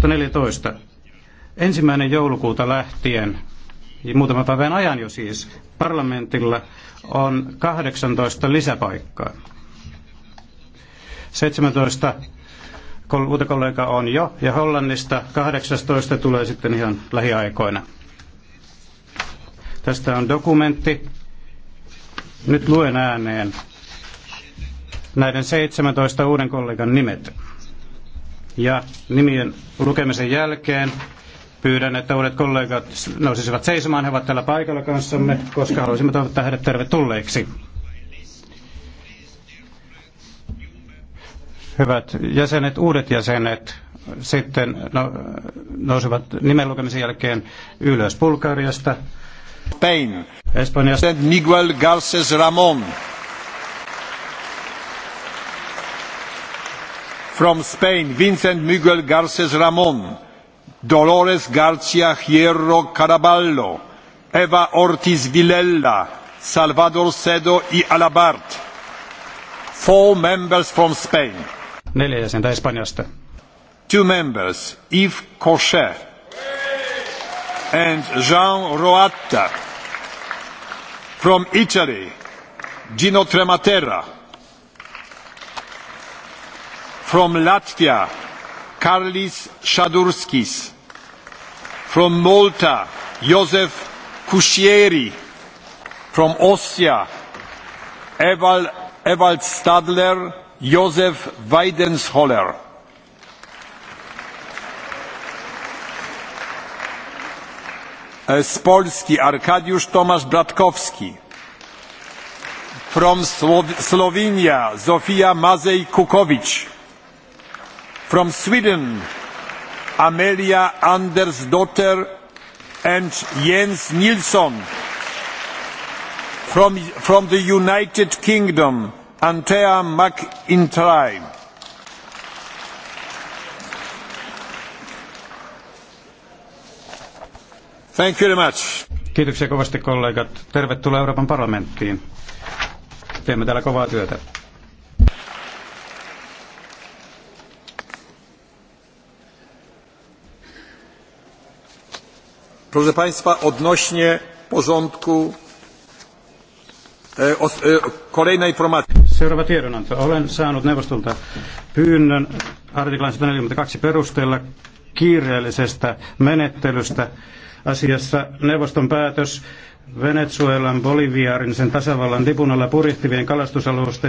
2014. Ensimmäinen joulukuuta lähtien, muutaman päivän ajan jo siis, parlamentilla on 18 lisäpaikkaa. 17 uutta kollegaa on jo, ja Hollannista 18 tulee sitten ihan lähiaikoina. Tästä on dokumentti. Nyt luen ääneen näiden 17 uuden kollegan nimet. Ja nimien lukemisen jälkeen pyydän, että uudet kollegat nousisivat seisomaan. He ovat täällä paikalla kanssamme, koska haluaisimme toivottaa heidät tervetulleiksi. Hyvät jäsenet, uudet jäsenet sitten no, nousivat nimen lukemisen jälkeen ylös Bulgariasta. Spain. Espanjasta. Miguel Garces Ramon. From Spain, Vincent Miguel Garces Ramon, Dolores Garcia Hierro Caraballo, Eva Ortiz Villela, Salvador Cedo y Alabart. Four members from Spain. Neljä jäsentä Espanjasta. Two members, Yves Cochet and Jean Roatta. From Italy, Gino Trematera From Latvia, Karlis Shadurskis. From Malta, Josef Kusieri. From Austria, Ewald, Ewald Stadler, Josef Weidensholler. z polski arkadiusz tomasz bratkowski from slovenia zofia mazej kukovic From Sweden, Amelia Andersdotter and Jens Nilsson. From, from the United Kingdom, Antea McIntyre. Thank you very much. Kiitoksia kovasti kollegat. Tervetuloa Euroopan parlamenttiin. Teemme täällä kovaa työtä. Proszę Państwa, odnośnie porządku e, e, kolejna informacja Seuraava tiedonanto. Olen saanut neuvostolta pyynnön artiklan 142 perusteella kiireellisestä menettelystä asiassa neuvoston päätös Venezuelan, Boliviarin, sen tasavallan, lipun alla purjehtivien kalastusalusten